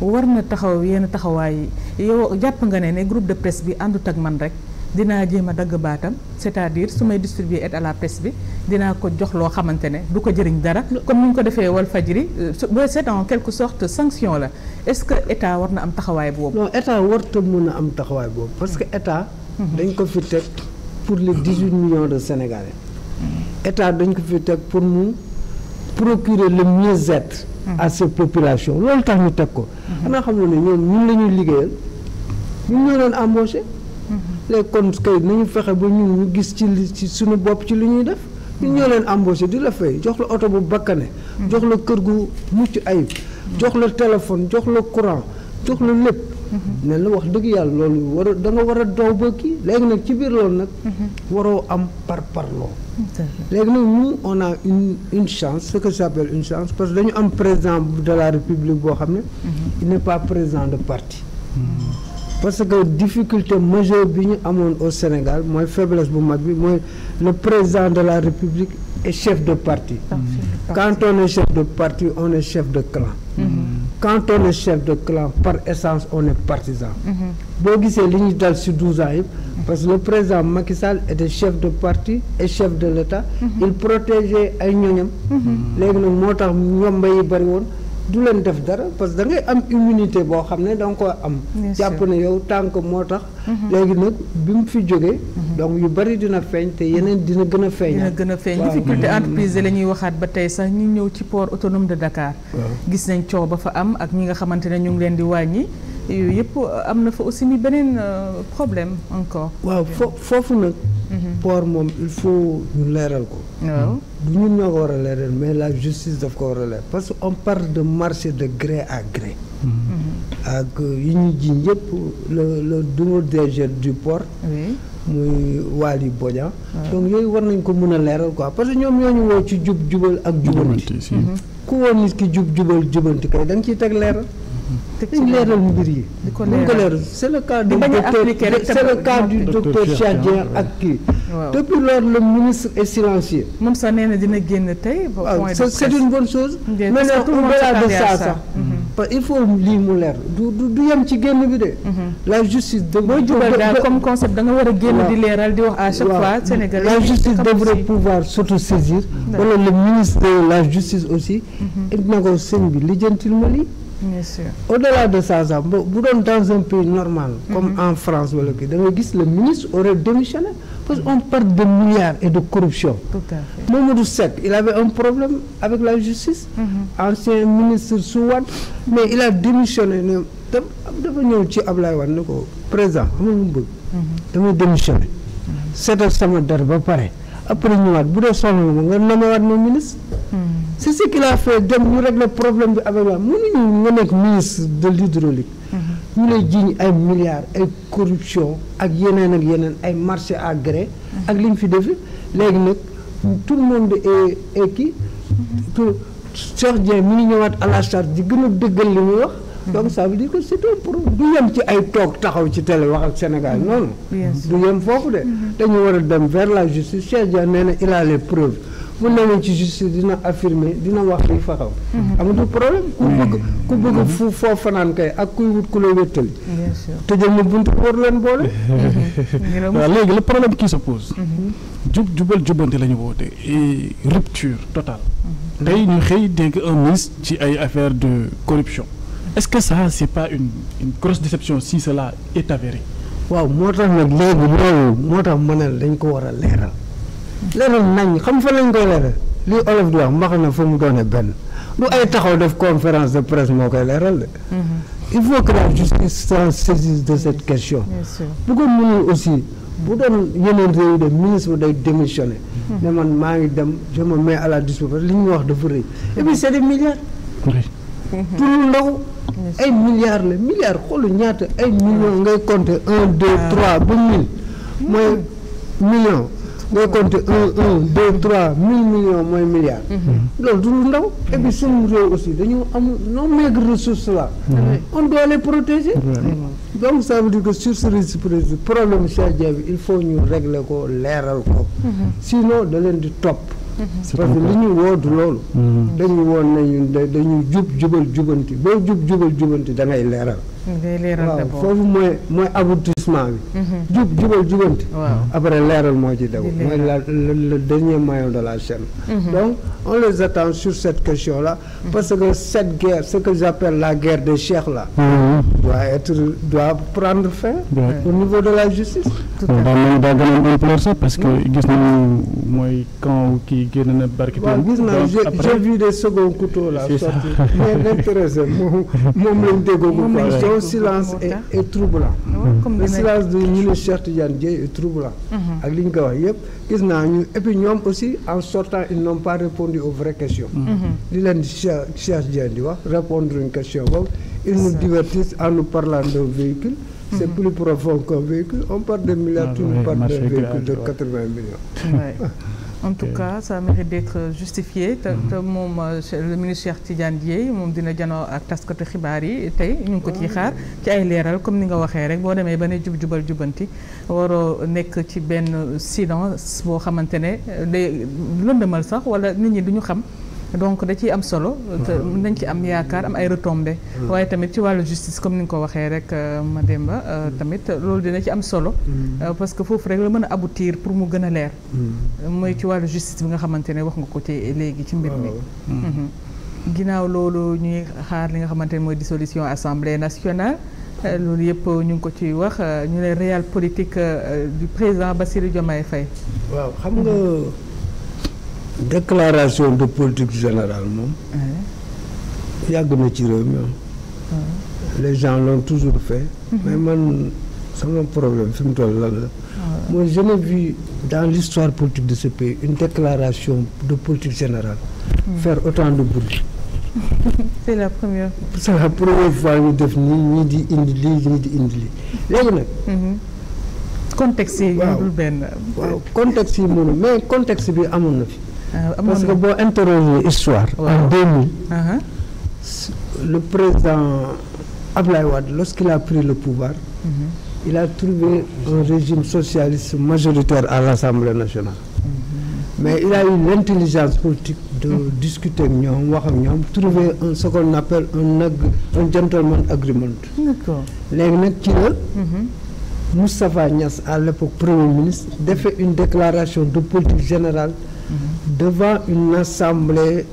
[SPEAKER 1] war na taxaw yenn taxawaay yow jàpp nga ne ne groupe de presse bi àndut ak man rek. dinaa jéem a dagg baatam c'est-à-dire su may distribuer aide à la presse bi dinaa ko jox loo xamante ne du ko jëriñ dara comme ni ñu ko defee Walfadjri booy euh, seet en quelque sorte sanction la est-ce que état war na am taxawaay boobu non état warta mun a am taxawaay boobu parce que état mhm. dañ ko fi teg pour les dix-huit millions de sénégalais
[SPEAKER 4] mhm. état dañ ko fi teg pour mu procurer le mieux-être mhm. à ces population loolu tax ñu teg ko xanaa xam ne ñoom ñun la ñuy liggéeyal ñun léegi kon kay nañu fexe ba ñun ñu gis ci li ci suñu bopp ci li ñuy def ñu ñoo leen embauché di la jox la oto bu bakkane mm. jox la kër gu mucc ayib mm. jox la téléphone jox la courant jox la lépp mm-hmm. ne la wax dëgg yàlla loolu war a da nga war a kii léegi nag ci biir loolu nag mm-hmm. waroo am par par parloo léegi nag mu on a une une chance ce que j'appelle une chance parce que dañu am président de la république boo xam ne mm-hmm. il pas président de parti parce que difficulté majeure bi ñu amoon au Sénégal mooy faiblesse bu mag bi mooy le président de la République est chef de parti. quand on chef de parti on est chef de clan. Mm-hmm. quand on chef de clan par essence on est partisan. Mm-hmm. boo gisee li ñu dal ci douze an yi parce que le président Macky Sall était chef de parti et chef de l'État. Mm-hmm. il protégeait ay ñoñam. léegi nag moo tax mbay yi bari woon. du leen def dara parce que da ngay am immunité boo xam ne da koy am. jàpp ne yow
[SPEAKER 1] tànk moo tax. Mhm. léegi nag bi mu fi jógee. Mhm. donc yu bari dina feeñ te yeneen mhm. dina gën a feeñ. dina gën a feeñ difficulté entreprise la ñuy waxaat ba tey sax ñu ñëw ci port autonome de Dakar. gis nañ coow ba fa am ak ñi nga xamante ne ñu ngi leen di wàññi. yooyu yëpp am na fa aussi mi beneen euh, problème encore. waaw fo
[SPEAKER 4] foofu nag. Mhm. port moom il faut ñu leeral ko. waaw du ñun ñoo ko war a leeral mais la justice daf ko war a leeral parce que on parle de marché de gré à gré. Mhm. ak yi ñu ji ñëpp le le nouveau DG du port. muy Waly Bodian. donc yooyu war nañ ko mën a leeral quoi parce que ñoom ñoo ñu woo ci jub jubal ak. jubanti mhm. ku woon nit ki jub jubal jubanti kay da nga teg leeral. te ci leeral mbir yi.
[SPEAKER 1] di ko leeral
[SPEAKER 4] c' est le cas
[SPEAKER 1] du docteur c' ak kii. depuis lors le ministre est silencieux. moom sax nee dina génn tey. Ah, point de c' est une bonne chose.
[SPEAKER 3] mais nag au de ça sax. Mhm.
[SPEAKER 4] parce il faut lii mu leer du du du yem ci génn bi de. Mhm. la justice de. boo jubal daal comme concept da nga war a génn di leeral di wax a chaque fois. Sénégalais la justice devrait pouvoir s'autosaisir. wala le ministre de la justice aussi. Mhm. nagoo sëñ bi lijjantil ma lii. bien sûr au-delà de ça sax bu doon dans un pays normal. Mm-hmm. comme en France wala kii da ngay gis le ministre aurait démissionné parce qu'on parle de milliards et de corruption.
[SPEAKER 3] tout à fait
[SPEAKER 4] Mamadou Seck il avait un problème avec la justice. Mm-hmm. ancien ministre su Wade mais il a démissionné ne dafa ñëw ci Ablaye Wade ne ko président xam mu bëgg. Mm-hmm. damay démissionné. seetal sama der ba pare après ñëwaat bu dee soxla ma nga nommé waat ministre. tout ce qu'il a dem ñu régler problème bi avec la mënuñu nga nekk ministre de l'hydraulique mhm. ñu lay jiiñ ay milliards ay corruption ak yeneen ak yeneen ay marché à gré ak li ñu fi defi léegi nag tout le monde est est kii que mhm. Cheikh mi ngi ñëwaat à di gën a dëggal li muy wax mhm. donc ça veut dire que c'est problème du yem ci ay toog taxaw ci télé wax ak Sénégal noonu du yem foofu de dañu war dem vers la justice Cheikh Dieng nee na il a bu newee ci justice dina affirmer dina wax li fa xaw mhm. amatul problème ku mhm. bëgg ku bëgg mhm. fu ak kuy wut ku la wéttali tëjal ma bunt léegi le problème qui se pose jub jubal
[SPEAKER 5] jubbante la ñu woote rupture totale tey ñu xëy dégg un ministre ci ay affaire de corruption est-ce que ça c'est pas une une grosse déception si la est
[SPEAKER 4] avéré waaw moo tax nag léegi loolu moo tax ma ne dañ ko war a leeral leeral nañ xam fa lañ koy leeral li olof di wax mbax na fa mu doone benn du ay taxaw def conférence de presse moo koy leeral de
[SPEAKER 3] mm-hmm.
[SPEAKER 4] il faut que la justice s'en saisisse de cette question bu ko mënul aussi bu doon yeneen réew de ministre day démissionné mm-hmm. ne man maa ngi dem je me mets à la disposition li ñu wax dafa rëy mm-hmm. et puis c'est des milliards ay milliards la milliards xoolu ñaata ay millions ngay compter un deux ah. trois ba mille mooy million ngay compter un un deux mooy milliards. Mhm. loolu du lu ndaw. Mhm. et puis suñu réew aussi dañu am nos maigres ressources là. Mhm. on doit les protéger. donc ça veut dire que sur ce problème Cheikh Dia bi il faut ñu régler ko leeral ko. sinon da leen di topp. parce que li ñu woo loolu. dañu woon ne ñun dañuy jub jubal jubanti boo jub jubal jubanti da ngay leeral.
[SPEAKER 1] waaw foofu mooy
[SPEAKER 4] mooy aboutissement bi. Mhm. jub jubal jubante. après leeral moo ci déglu. mooy la le dernier maillon de la chaîne. Mhm. donc on les attend sur cette question là. Mhm. parce que cette guerre ce que j'appelle la guerre des chefs là. doit être doit prendre fin. au niveau de la justice. tout à fait
[SPEAKER 5] daa mel sax parce que gis nañu mooy camp kii génn na barki. gis naa j'ai
[SPEAKER 4] vu des second couteaux là. sorti moom lañ déggoo ko. ton silence est est troublant. le silence de ñu ne Cheikh Tidiane Dièye est troublant. Mhm. ak li ñu ko wax yëpp gis naa ñu et puis ñoom aussi en sortant ils n'ont pas répondu aux vraies questions. Mhm. li leen Cheikh Cheikh Dièye di wax répondre une question boobu. ils nous divertissent en nous parlant d'un véhicule. Mhm. c'est plus profond qu'un véhicule on parle de milliards, on ah, parle d'un véhicule de quatre-vingts millions.
[SPEAKER 1] en tout cas ça mérite d'être justifié te hmm. te moom euh, le ministre Cheikh Tidiane moom dina janoo ak taskatu xibaar yi tey ñu ngi ko ciy ah. xaar ci ay leeral comme ni nga waxee rek boo demee ba ne jub jubal jubanti waroo nekk ci benn silence boo xamante ne day lëndëmal sax wala nit ñi duñu xam donc da ciy am solo. Mm-hmm. nañ ci am yaakaar am ay retombées. Mm-hmm. waaye tamit ci wàllu justice comme ni nga ko waxee rek ma euh, Mademba euh, mm-hmm. tamit loolu dina ci am solo. Euh, parce que foofu rek la mën a aboutir pour mu gën a leer. mooy ci wàllu justice bi nga xamante ne wax nga ko ci léegi ci mbir mi. ginnaaw loolu ñuy xaar li nga xamante ne mooy dissolution assemblée nationale. loolu yëpp ñu ngi ko ciy wax ñu ne réel politique du président Bassirou Diomaye Faye. waaw xam nga.
[SPEAKER 4] déclaration de politique générale moom yàgg na ci réew mi les gens l'ont toujours fait mm-hmm. mais man sama problème fi mu toll lan la moi je n'ai dans l'histoire politique de ce pays une déclaration de politique générale mm. faire autant de bruit
[SPEAKER 1] c'est la première
[SPEAKER 4] c'est la première fois ñu def nii ñii di indi lii ñii di indi lii
[SPEAKER 1] léegi nag mm-hmm. contexte yi. waaw benn. waaw
[SPEAKER 4] mais contexte bi amoon na fi.
[SPEAKER 1] Euh, parce que boo
[SPEAKER 4] interroger histoire. en 2000. Uh-huh. le président Ablaye Wade lorsqu'il a pris le pouvoir.
[SPEAKER 1] Mm-hmm.
[SPEAKER 4] il a trouvé un régime socialiste majoritaire à l'Assemblée nationale. Mm-hmm. mais il a eu l'intelligence politique de mm-hmm. discuter ak ñoom wax ak ñoom trouver un ce qu'on un ag un gentleman agreement. d'accord nag ci la. Moustapha Niass à l'époque premier ministre defee une déclaration de politique générale mhm. devant une assemblée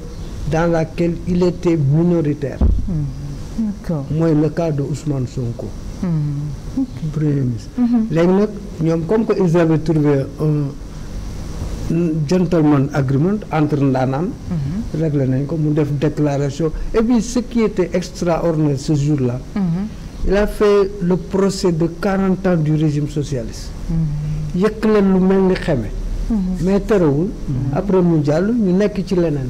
[SPEAKER 4] dans laquelle il était minoritaire mhm. mooy le cas de Ousmane Sonko
[SPEAKER 3] mhm.
[SPEAKER 4] premier ministre léegi nag ñoom comme que ils avaient trouvé un gentleman agreement entre ndaanaan réglé nañ ko mu def déclaration et puis ce extraordinaire ce jour-là la fait le procès de 40 ans du régime socialiste. Mhm. yëkk leen lu mel ni xeme. Mhm. mais terewul. Mhm. après mu jàll ñu nekk ci leneen.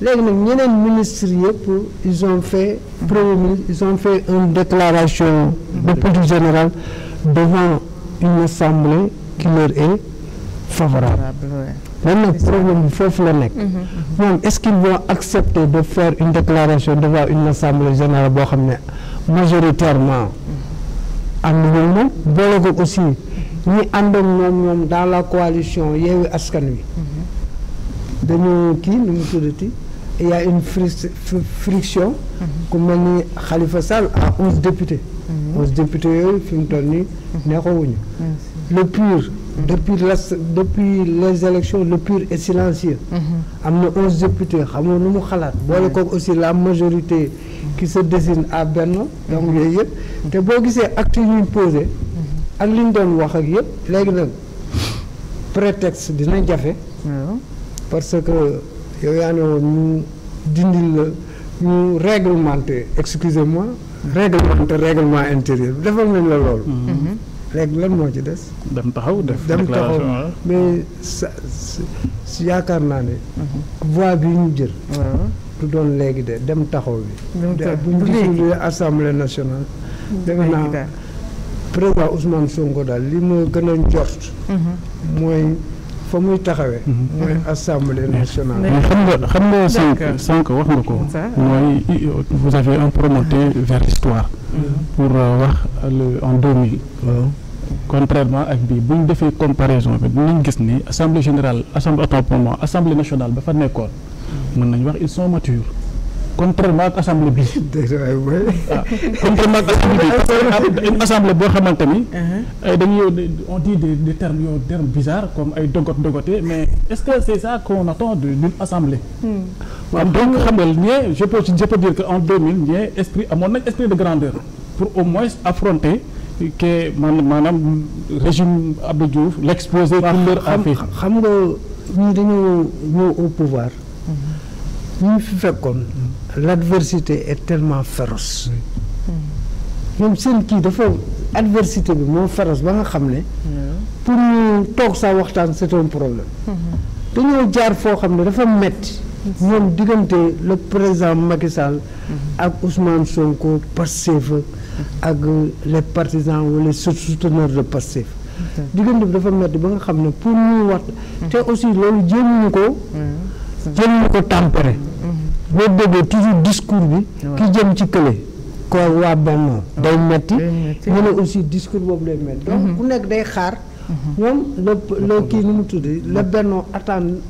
[SPEAKER 4] léegi nag ñeneen ministres yëpp ils ont fait. premier ministre ils ont fait une déclaration de politique générale devant une assemblée qui leur est favorable. moom nag problème bi foofu la nekk. moom est-ce qu'ils vont accepter de faire une déclaration devant une assemblée générale boo xam ne. majoritairement am na ñoom moom boole ko aussi ñi ànd ak moom ñoom dans la coalition Yewwi Askan Wi dañoo kii nu mu tuddati il a une friction ku mel ni Khalifa Sall à onze députés onze députés yooyu fi mu toll nii neexawuñu le PUR depuis la depuis les élections le PUR est mhm. am na onze députés xamoo nu mu xalaat boole ko aussi la majorité qui se dessine à Benno donc yooyu yëpp te boo gisee acte yu ñu posé ak li ñu doon wax ak yëpp léegi nag prétexte dina jafe parce que yow yaa ne woon ñu dindil la ñu réglementé excusez-moi réglementé intérieur bi defal nañ la loolu mhm. léegi lan moo ci des dem taxaw def dem taxaw mais sa yaakaar naa ne mhm. voie bi ñu jël du doon léegi de dem taxaw bi buñ dissoudre assemblée nationale dégg naa président Ousmane Sonko daal li ma gën a njort
[SPEAKER 5] mhm.
[SPEAKER 4] mooy fa muy taxawee mhm. mooy mhm. assemblée nationale mais xam nga xam nga sànq sànq wax nga ko mooy
[SPEAKER 5] vous avez un promoté vers l'histoire pour euh, wax en 2000 contrairement ak bii bu ñu defee comparaison bi dinañ gis ni assemblée général assemblée autant pour moi assemblée nationale ba fa nekkoon mën nañu wax ils sont matures contrairement ak assemblée bi. waaw contrairement ak assemblée une assemblée boo xamante ni. Uh-huh. Euh, dañuy on dit des des termes yoo comme ay dogot dogote mais est-ce que c'est ça qu'on attend d'une assemblée. Hmm. waaw donc xam nga ñee je peux je peux dire que en 2000 ñee esprit amoon nañ esprit de grandeur pour au moins affronter. que
[SPEAKER 4] man maanaam régime Abdou Diouf l'exposer. tout leur affaire xam nga ñu dañoo ñëw au pouvoir. ñu fi fekkoon l'adversité est tellement féroce ñoom seen kii dafa adversité bi moo féroce ba nga xam ne pour ñu toog saa waxtaan c'est un problème dañoo jaar foo xam ne dafa metti ñoom diggante le président Macky Sall ak Ousmane Sonko Pastef ak les partisans wala souteneurs de Pastef diggante bi dafa metti ba nga xam ne pour ñu wax te aussi loolu jéemuñu ko mm. jëm ñu ko tempéré.
[SPEAKER 3] Mm-hmm.
[SPEAKER 4] boo déggee toujours discours bi. ki jëm ci kële. ko waa benn day metti ñu ne aussi discours boobu day metti donc mm-hmm. ku nekk day xaar. Mm-hmm. ñoom la kii nu mu tuddee la Benno attend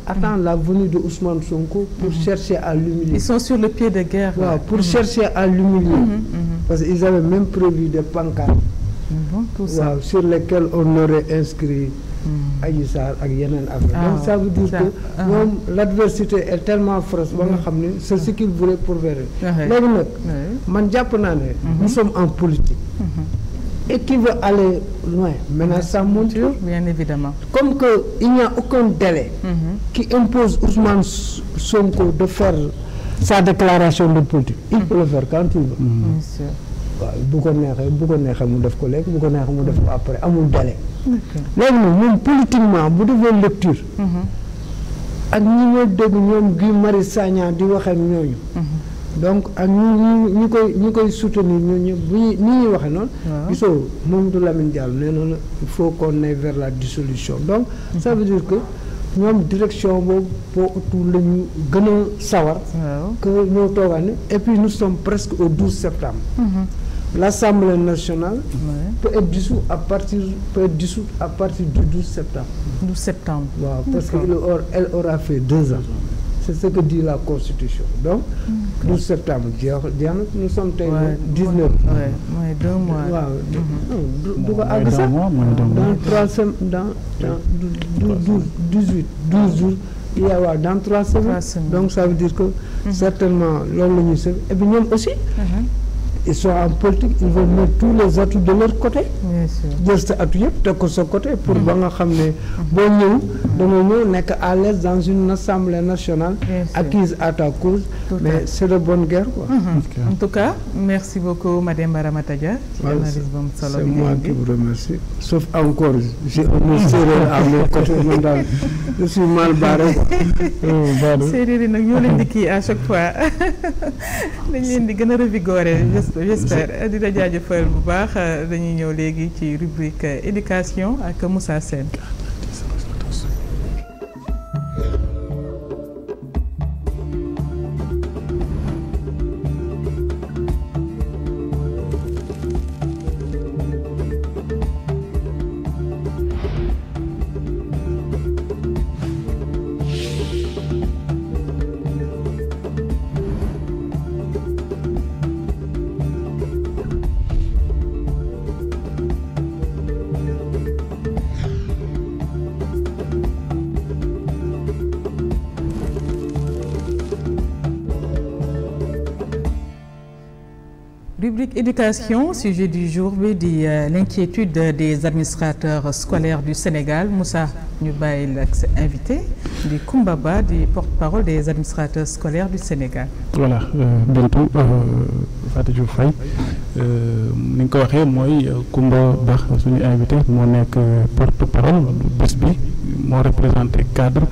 [SPEAKER 4] la venue de Ousmane Sonko. pour chercher à l'humilier. le waaw pour chercher à l'humilier. parce que ils avaient même prévu des pancartes. waaw sur lesquelles on inscrit. Adji Sarr ak yeneen affaire ah. donc ça veut dire que moom ah. l' est tellement fausse ba nga mm-hmm. xam ne c' est ce qu'il voulait pourverrer ah, léegi nag man jàpp naa ne mm-hmm. nous sommes en politique
[SPEAKER 3] mm-hmm.
[SPEAKER 4] et aller loin maintenant ça monte comme que il n'y a aucun délai qui impose Ousmane Sonko de faire sa déclaration de politique il peut le faire quand il waaw bu ko neexee bu ko neexee mu def ko léegi bu ko neexee mu def ko après amul délai. léegi nag moom politiquement bu defee lecture. Mhm. ak ñi ñoo dégg ñoom Guy Marius Sagna di waxee ñooñu. Mhm. donc ak ñu ñu koy ñu koy soutenir ñun ñëpp bu ñuy ni ñuy waxee noonu. gisoo Mamadou Lamine Diallo nee na il faut qu'on aille vers la dissolution donc. Mhm. ça veut dire que ñoom direction boobu boobu la ñu gën a sawar. que ñoo toogaan et puis nous sommes presque au 12 septembre. l'Assemblée nationale ouais. peut être dissoute à partir peut être dissoute à partir du septembre. 12 septembre. waaw parce que elle aura fait deux ans. c'est ce que dit la Constitution donc. 12 septembre jeex jeex na nous sommes tey. waaw 19 mois. dans trois semaines dans dans du 18 a waaw donc ça dire que. Mhm. certainement loolu la ñuy sëb et puis aussi. Mhm. ils sont en politique ils vont mettre tous les atouts de leur côté. jël sa atout yëpp sa côté. pour ba nga xam ne boo ñëw dama ñëw nekk à l'aise dans une assemblée nationale. acquise à ta cause. mais c' est de bonne mhm.
[SPEAKER 1] en tout cas merci beaucoup madame Baramata Dia. c'est moi
[SPEAKER 4] qui mal barré quoi. yi oh, nag ñoo leen di
[SPEAKER 1] kii à chaque fois dañ leen di gën a revigorer. j'espère euh, dina jaajëfal bu baax euh, dañuy ñëw léegi ci rubrique euh, éducation ak Moussa Sène éducation sujet du jour bi di euh, l'inquiétude des administrateurs scolaires du Sénégal Moussa ñu bàyyi la invité di Koumba Ba di porte-parole des administrateurs scolaires du Sénégal.
[SPEAKER 5] voilà euh, Bintou euh, Fatou Diouf Faye ni ko waxee mooy Koumba Ba suñu invité moo nekk porte-parole bés bi moo représenté cadre.